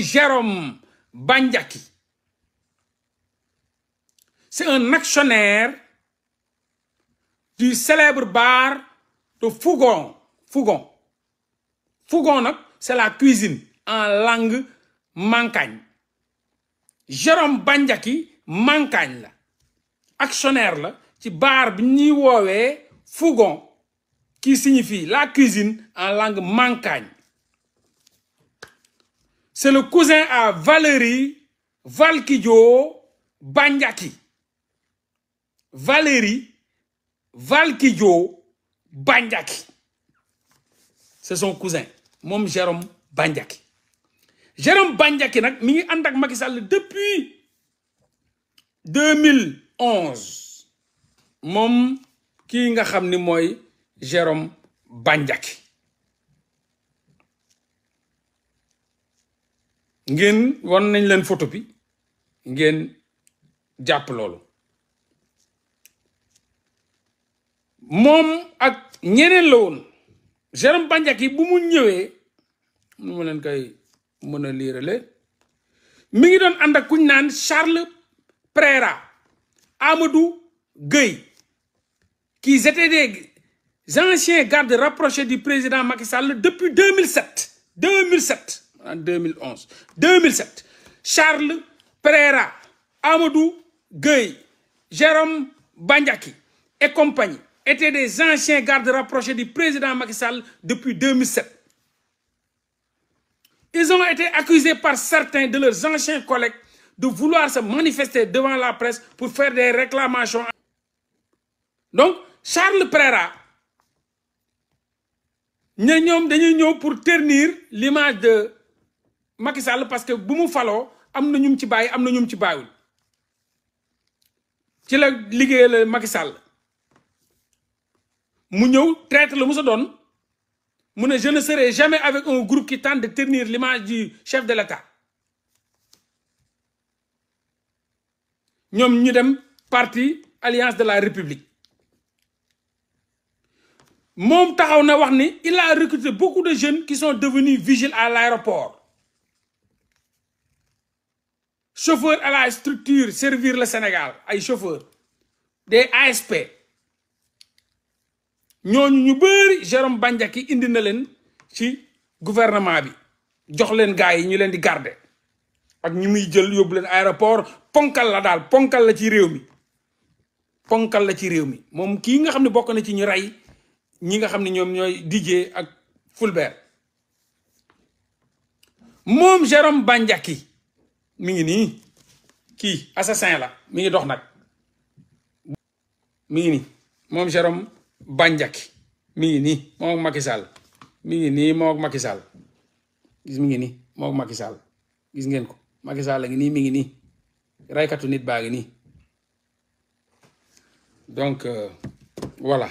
Jérôme Bandiaki c'est un actionnaire du célèbre bar de Fougon Fougon Fougon c'est la cuisine en langue mancagne. Jérôme Bandiaki mankagne actionnaire la ci bar Fougon qui signifie la cuisine en langue mankagne c'est le cousin à Valérie Valkidjo Banyaki. Valérie Valkidjo Banyaki. C'est son cousin, Mom Jérôme Banyaki. Jérôme Banyaki, nak, mi andak Macky depuis 2011. Mom, kinga nga moy Jérôme Banyaki. ngeen won nañ leen photo bi ngeen jàpp loolu moom ak ñeneen la woon Jérôme avez bu mu ñëwee mu ma leen koy mën a mi ngi ak Charles Prera Amadou Gueye qui était des anciens gardes rapprochés du président Macky Sall depuis 2007 2007 en 2011. 2007, Charles Pereira, Amadou Gueye, Jérôme Banyaki et compagnie étaient des anciens gardes rapprochés du président Macky Sall depuis 2007. Ils ont été accusés par certains de leurs anciens collègues de vouloir se manifester devant la presse pour faire des réclamations. Donc, Charles Pereira, sommes pour ternir l'image de Macky Sall parce que bu mu faloo am ñum ci bàyyi am ñum ci bàyyiwul ci la liggéeyal Macky Sall mu ñëw traite le musa sa mu ne je ne serai jamais avec un groupe qui tente de tenir l'image du chef de l'État ñom ñu dem parti alliance de la république Mon taxaw na wax ni il a recruté beaucoup de jeunes qui sont devenus vigiles à l'aéroport chauffeur à la structure servir le Sénégal ay chauffeur des ASP ñooñu ñu bëri Jérôme Bandiaky indi na leen ci gouvernement bi jox leen gars yi ñu leen di garde ak ñu muy jël yóbbu leen aéroport ponkal la daal ponkal la ci réew mi ponkal la ci réew mi moom kii nga xam ne bokk na ci ñu rey ñi nga xam ne ñoom ñooy Didier ak Fulbert moom Jérôme Bandiaky mi ngi nii kii assassin la mi ngi dox nag mi ngi nii moom Jérôme Bandiaky mi ngi nii moom ak Macky mi ngi nii moom ak gis mi ngi nii moom gis ngeen ko Macky Sall la ngi nii mi ngi nii raykatu nit baa ngi nii donc euh, voilà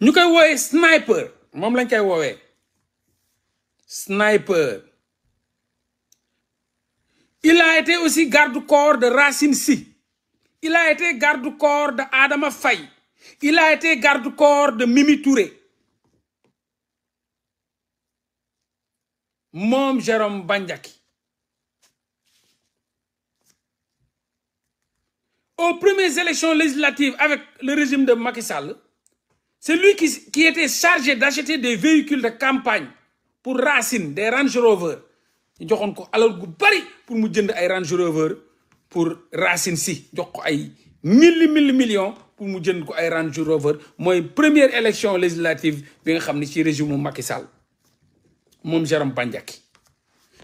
ñu koy woowee sniper moom lañ koy woowee sniper Il a été aussi garde-corps de Racine Si. Il a été garde-corps de Adama Faye. Il a été garde-corps de Mimi Touré. Mom Jérôme Bandiaki aux premières élections législatives avec le régime de Macky Sall c'est lui qui était chargé d'acheter des véhicules de campagne pour Racine des Range Rovers. Il ko alal gu bari pour mu jënd ay Range Rover pour Racine si jox ko ay milli milli millions pour mu jënd ko ay Range Rover première élection législative bi nga xamni régime mu Macky Sall Jérôme Bandiaki.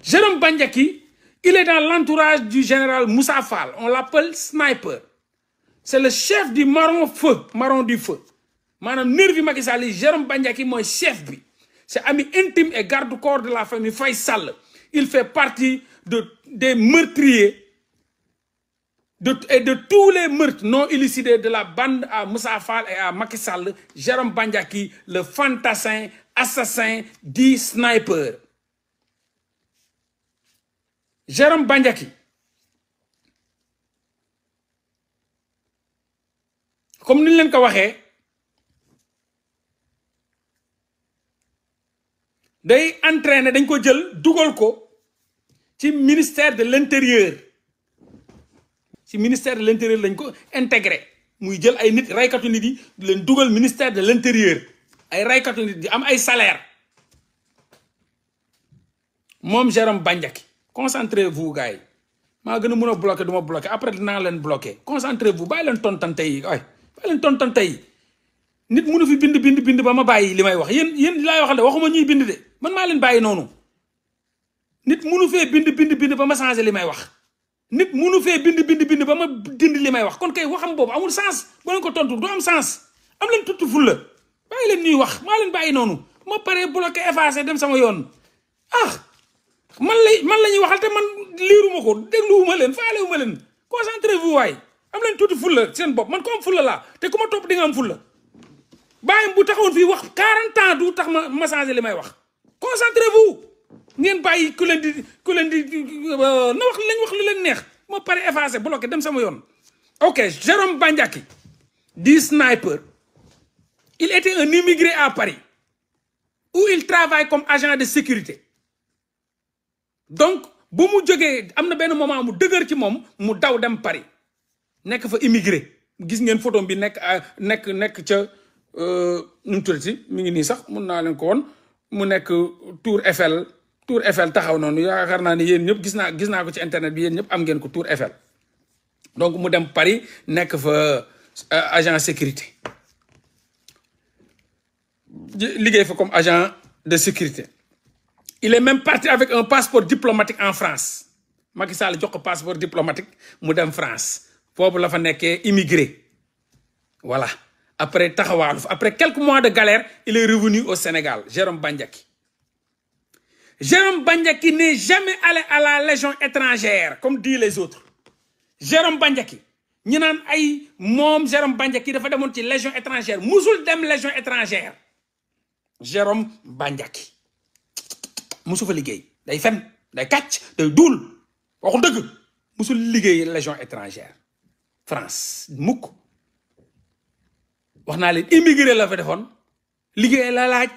Jérôme Bandiaki, il est dans l'entourage du général Moussa Fall on l'appelle sniper c'est le chef du marron feu marron du feu Mon nervi Macky Sall Jérôme Bandiaki chef bi c'est ami intime et garde corps de la famille Faisal il fait partie des meurtriers et de tous les meurtres non illicités de la bande à Moussa Fall et à Macky Jérôme Bandjaki, le fantassin, assassin, dit sniper. Jérôme Bandjaki. Comme nous l'avons dit, a entraîné dañ ko ci ministère de l'Intérieur, ci ministère de l'Intérieur, intérieur lañ ko intégré muy jël ay nit raykatu nit yi leen dougal ministère de l'Intérieur ay ray raykatu nit di am ay salaire mom Jérôme bandiaki concentrez-vous gars Ma gëna mëna bloquer duma bloquer après dinaa leen bloquer concentrez-vous bay leen tontante yi waay bàyyi leen tontante nit mënu fi bind bind bind ba ma bàyyi limay wax yéen yéen lay waxal waxuma ñuy bind de man ma leen bàyyi noonu nit munu fe bind bind bind ba ma changer li wax nit munu fe bind bind bind ba ma vous li wax kon kay waxam pas amul sens bo len ko tontu do am sens am tout tuttu la bàyyi len nuy wax ma len bàyyi noonu ma bloquer vous dem sama yoon ah man lay man de waxal te man liiruma concentrez vous way, am tout ful la sen bopp man ko am fulla te kuma top di nga am fulla bu taxawon fi wax 40 ans du tax ma ma li wax concentrez vous ok Jérôme Bandiaki di sniper il était un immigré à Paris où il travaille comme agent de sécurité donc bu mu jógee am moment mu dëgër ci moom mu daw dem Paris nekk fa immigré gis ngeen photo bi nekk euh, nekk nekk sax ko Tour Eiffel. Tour Eiffel taxaw nonu yaakaar naa ni yeen ñep gis ko ci internet bi yeen ñep am ngeen ko Tour Eiffel donc mu dem Paris nek fa euh, agent sécurité liggéey fa comme agent de sécurité il est même parti avec un passeport diplomatique en France Macky Sall jox ko passeport diplomatique mu dem France Pour la fa immigré voilà après après quelques mois de galère il est revenu au Sénégal Jérôme Bandiaki Jérôme Bandiaki n'est jamais allé à la Légion étrangère, comme disent les autres. Jérôme Bandiaki. nous avons dit Jérôme Bandiaki dafa de ci légion étrangère musul dem légion étrangère Jérôme Bandiaki musu fa Il day fen des kàcc day duul légion étrangère France Moukou, On fait immigré la fa la laaj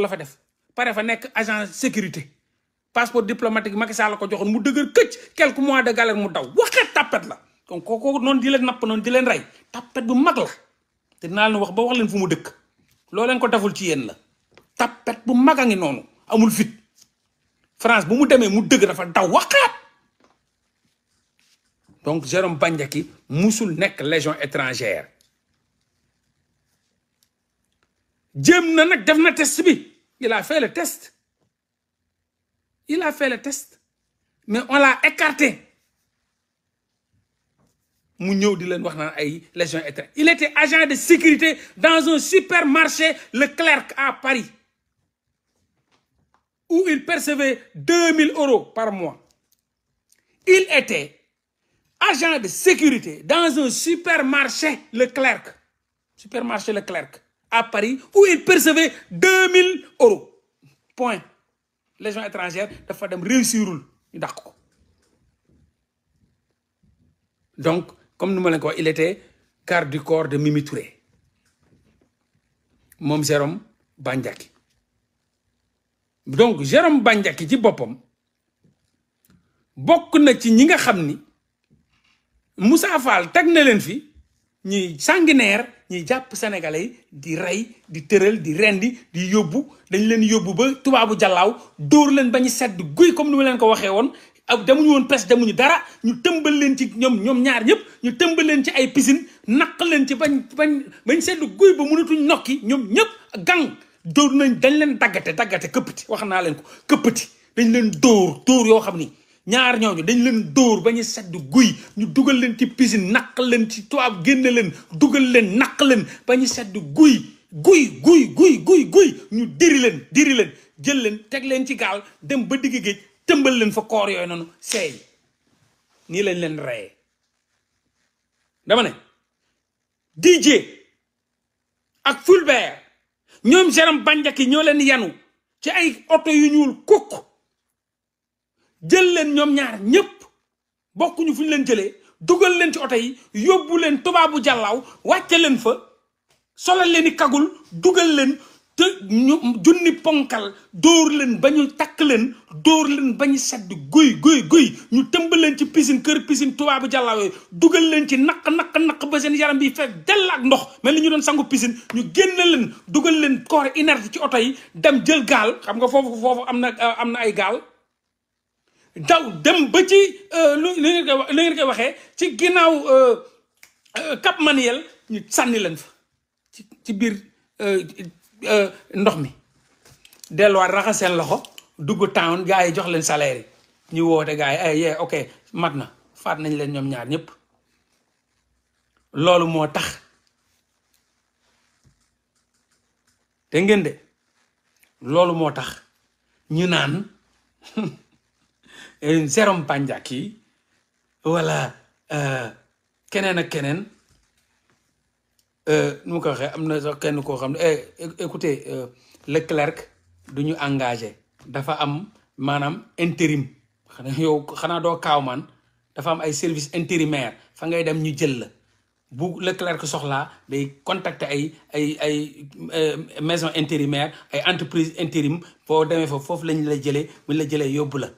la fa pare fa nekk agent sécurité passeport diplomatique Macky Sall la ko joxoon mu dëgër këcc quelques mois de galère mu daw waxee tapet la kon kooku noonu di leen napp noonu di leen rey tapet bu mag la te dinaa leen wax ba wax leen fu mu dëkk loo leen ko deful ci yéen la tapet bu mag a ngi noonu amul fit France bu mu demee mu dëgg dafa daw waxaat donc Jérôme ki musul nekk légion étrangère jëm na nag def na test bi Il a fait le test. Il a fait le test. Mais on l'a écarté. Il était agent de sécurité dans un supermarché Leclerc à Paris. Où il percevait 2000 euros par mois. Il était agent de sécurité dans un supermarché Leclerc. Supermarché Leclerc à Paris où il percevait 2000 euros. Point. Les gens étrangers, de dem réussirul donc comme nous l'avons dit, il était quart du corps de Mimi Touré Jérôme Bandiaki donc Jérôme Bandiaki ci Bopom. bokk na ci ñi nga Moussa Fall sanguinaire ñuy jàpp sénégalais di rey di tëral di rendi di yóbbu dañu leen yóbbu ba tubaabu jallaaw dóor leen ba ñu sedd guy comme ni ma leen ko waxee woon ak demuñu woon pes demuñu dara ñu tëmbal leen ci ñoom ñoom ñaar ñëpp ñu tëmbal leen ci ay piscine naq leen ci bañ bañ bañ sedd guy ba mënatuñ nokki ñoom ñëpp gan dóor nañ dañ leen daggate daggate këppati wax naa leen ko këppati dañ leen dóor dóor yoo xam ni ñaar ñooñu dañ leen dóor bañu ñu sedd guy ñu dugal leen ci piscine naq leen ci tubaab génne leen dugal leen naq leen bañu ñu sedd guy guy guy guy guy guy ñu diri leen diri leen jël leen teg leen ci gaal dem ba digg géej tëmbal leen fa koor yooy noonu seey nii lañ leen rey dama ne DJ ak Fulbert ñoom Jérôme Bandiaky ñoo leen yanu ci ay oto yu ñuul kukk jël leen ñoom ñaar ñëpp bokkuñu fu ñu leen jëlee dugal leen ci oto yi yóbbu leen tubaabu jàllaaw wàcce leen fa solal leen yi kagul dugal leen te ñu junni ponkal dóor leen ba ñu takk leen dóor leen ba ñu sedd guy guy guy ñu tëmb leen ci piscine kër piscine tubaabu jàllaaw yooyu dugal leen ci naq naq naq ba seen yaram bi fees dell ak ndox mel ni ñu doon sangu piscine ñu génn leen dugal leen corps inerte ci oto yi dem jël gaal xam nga foofu foofu am na am na ay gaal. daw dem ba ci euh, lu li ngeen koy li ngeen koy waxee ci ginnaaw euh, euh, Cap Manuel ñu sànni leen fa ci ci biir ndox mi delluwaat raxas seen loxo dugg town gars yi jox leen salaire yi ñu woote gars yi ay eh, yee ok mat na faat nañ leen ñoom ñaar ñëpp loolu moo tax te ngeen de loolu moo tax ñu naan Eh, Jérôme Bandiaki wala euh, Kenen ak Kenen, euh, nu mu ko waxee am na sax kenn koo eh, écoutez euh, le du ñu engagé dafa am maanaam intérim xanaa yow xanaa doo kaaw man dafa am ay service intérimaire fa ngay dem ñu jël la le Leclerc soxlaa day contacter ay ay ay maison intérimaire ay entreprise intérim pour démé foofu foofu lañ la jëlé buñ la jëlé yobula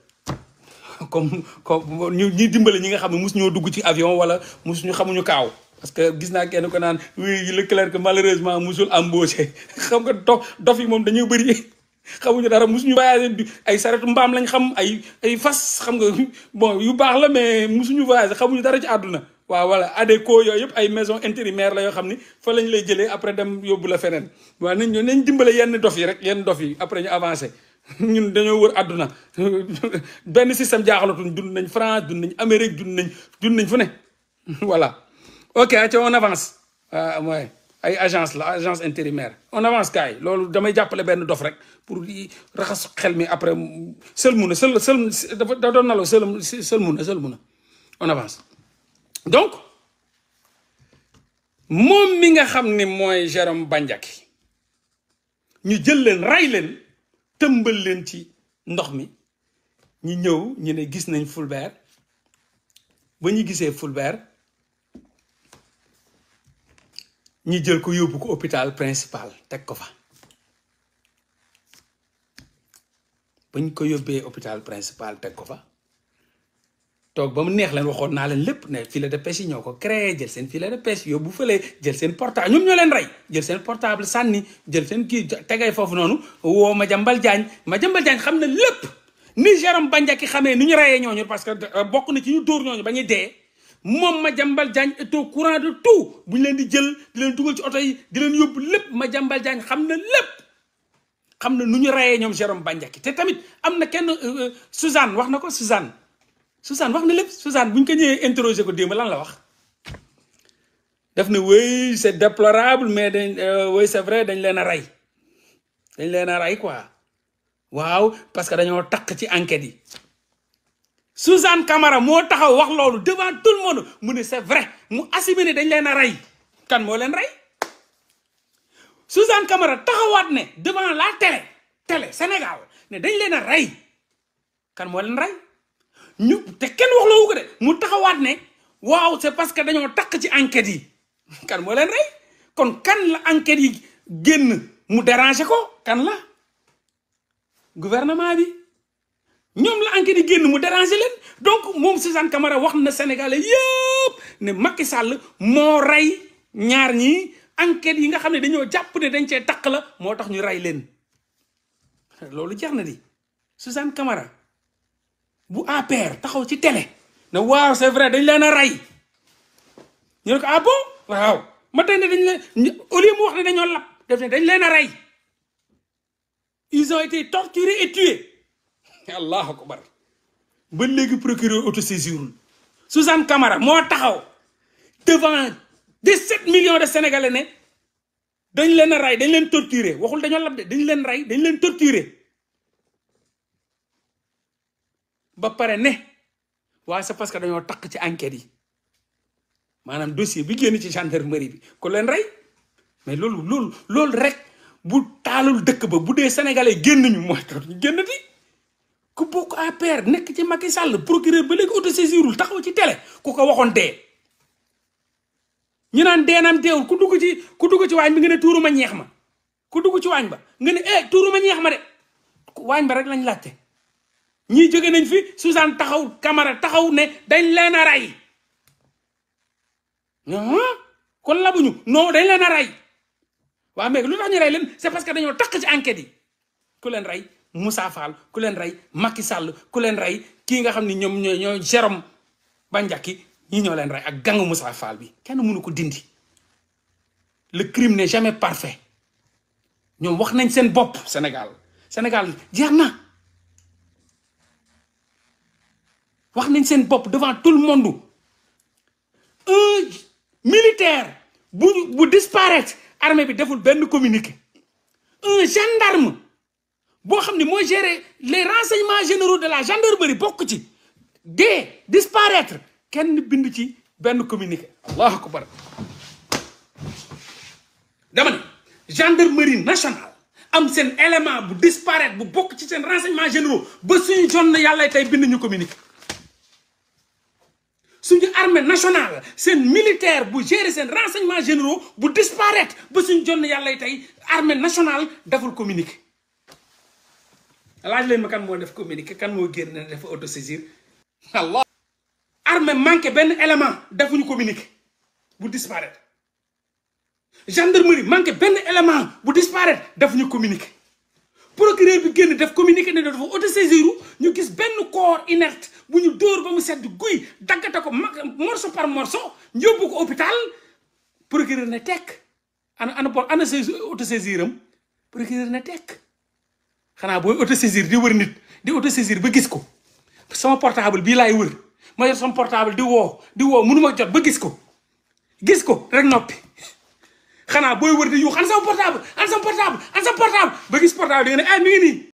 comme comme ñu ñuy dimbale ñi nga xam ne mus ñoo dugg ci avion wala mus ñu xamuñu kaaw parce que gis naa kenn ko naan oui Leclerc malheureusement musul embauché xam nga dof dof yi moom dañoo bëri xamuñu dara musuñu voyagé ay saretu mbaam lañ xam ay ay fas xam nga bon yu baax la mais musuñu voyagé xamuñu dara ci àdduna waaw voilà ADECO yooyu yëpp ay maison intérimaire la yoo xam ni fa lañ lay jëlee après dem yóbbu la feneen waaw nañ nañ dimbale yenn dof yi rek yenn dof yi après ñu avancé ñun dañoo wër aduna ben système jaaxalatuñ dund nañ France dund nañ Amérique dund nañ dund nañ fu ne voilà ok aca on avance ah ay agence la agence intérimaire on avance kay loolu damay jappalé ben dof rek pour raxas xel mi après seul mun seul seul da doon nalaw seul sël seul a on avance donc mom mi nga xamni moy Jérôme Bandiaky ñu jël leen ray leen tëmbal leen ci ndox mi ñi ñëw ñu ne gis nañ Fulbert ba ñu gisee Fulbert ñi jël ko yóbbu ko hôpital principal teg ko fa ba ñu ko yóbbee hôpital principal teg ko fa toog ba mu neex leen waxoon naa leen lépp ne filet de pêche yi ñoo ko créé jël seen filet de pêche yóbbu fële seen portable ñoom ñoo leen rey jël seen portable sànni jël seen kii tegay foofu noonu woo Madiambal Diagne Madiambal Diagne xam na lépp ni Jérôme Bandiaky xamee ni ñu reyee ñooñu parce que euh, bokk na ci dóor ñooñu ba ñuy moom Madiambal Diagne est au courant de tout bu leen di jël di leen dugal ci oto yi di leen yóbbu lépp Madiambal xam na lépp xam na nu ñu reyee ñoom Jérôme Bandiaky te tamit am na kenn euh, euh, Suzanne wax na ko Suzanne Suzanne wax na lépp Suzanne buñ ko ñëwé interroger ko dem lan la wax def na oui c'est déplorable mais dañ euh, oui c'est vrai dañ leena a dañ leena a quoi waaw parce que dañoo tak ci enquête yi Suzanne Camara mo taxaw wax lolu devant tout le monde mu ne c'est vrai mu assumé dañ leena ray kan mo leen ray Suzanne Camara taxawat ne devant la télé télé Sénégal ne dañ leena ray. kan mo leen ray ñu te kenn wax loowu ko de mu taxawaat ne waaw c'est parce que dañoo takk ci enquêtes yi kan moo leen rey kon kan la enquêtes yi génn mu déranger ko kan la gouvernement bi ñoom la enquêtes yi génn mu déranger leen donc moom Suzanne Camara wax na Sénégalais yëpp ne Macky Sall moo rey ñaar ñi enquêtes yi nga xam ne dañoo jàpp ne dañ cee takk la moo tax ñu rey leen loolu jeex na di Suzanne Camara bu APR taxaw ci télé na waaw c'est vrai dañ leen a rey ñu ne ko ah bon waaw ma tey ne dañ leen au lieu mu wax ne dañoo lap def ne dañ leen a rey ils ont été torturés et tués allahu akbar ba léegi procureur autosaisirul Suzanne Camara moo taxaw devant des 17 millions de sénégalais ne dañ leen a rey dañ leen torturer waxul dañoo lap de dañ leen rey dañ leen torturer ba pare ne waaye c'est parce que dañoo takk ci enquête yi maanaam dossier bi génn ci gendarmerie bi ko leen rey mais loolu lool loolu rek bu taalul dëkk ba bu dee sénégalais génn ñu mooy ñu génn di ku bokk APR nekk ci mag i Sall procureur ba léegi autosaisirul taxaw ci télé ku ko waxoon dee ñu naan deenam deewul ku dugg ci ku dugg ci waañ bi nga ne tuuruma ñeex ma ku dugg ci waañ ba nga ne eh tuuruma ñeex ma de waañ ba rek lañ laajte. ñi jóge nañ fi Suzanne taxaw kamara taxaw ne dañ leen a rey ah, kon labuñu noo dañ leen a rey waa mais lu tax ñu rey leen c'est parce que dañoo takk ci enquête yi ku leen rey Moussa faal ku leen rey Macky Sall ku leen rey kii nga xam ni ñoom ñoo ñoo Jérôme Bandiaky ñii ñoo leen rey ak gangu Moussa Fall bi kenn mënu ko dindi le crime n'est jamais parfait ñoom wax nañ seen bopp Sénégal Sénégal jeex na wax nañ seen bopp devant tout le monde un militaire bu bu disparaître armée bi deful benn communiqué un gendarme boo xam ne mooy gérer les renseignements généraux de la gendarmerie bokk ci dee disparaître kenn bind ci benn communiqué allahu akbar dama ne gendarmerie nationale am seen élément bu disparaître bu bokk ci seen renseignements généraux ba suñu jonn yàlla tey bind ñu communiqué suñu armée nationale c'est militaire bu gérer ces renseignements généraux bu disparaître si vous avez une armée nationale vous ne laaj pas ma kan moo def quand kan moo génn ne dafa saisir, allah armée manque ben élément communiquer. communiquer, bu disparaître gendarmerie manque ben élément bu disparaître defuñu communiqué procureur bi vous communiquer, vous ne dafa vous ñu gis un corps inerte. bu ñu dóor ba mu sedd guy daggate ko morceau par morceau yóbbu ko hôpital procureur ne tekk ana ana por ana sa autosaisir am procureur ne tekk xanaa booy autosaisir di wër nit di autosaisir ba gis ko sama portable bii laay wër ma sama portable di woo di woo mënuma jot ba gis ko gis ko rek noppi xanaa booy wër di yuux an sama portable an sama portable ba gis portable di nga ne ay ah, mi ngi nii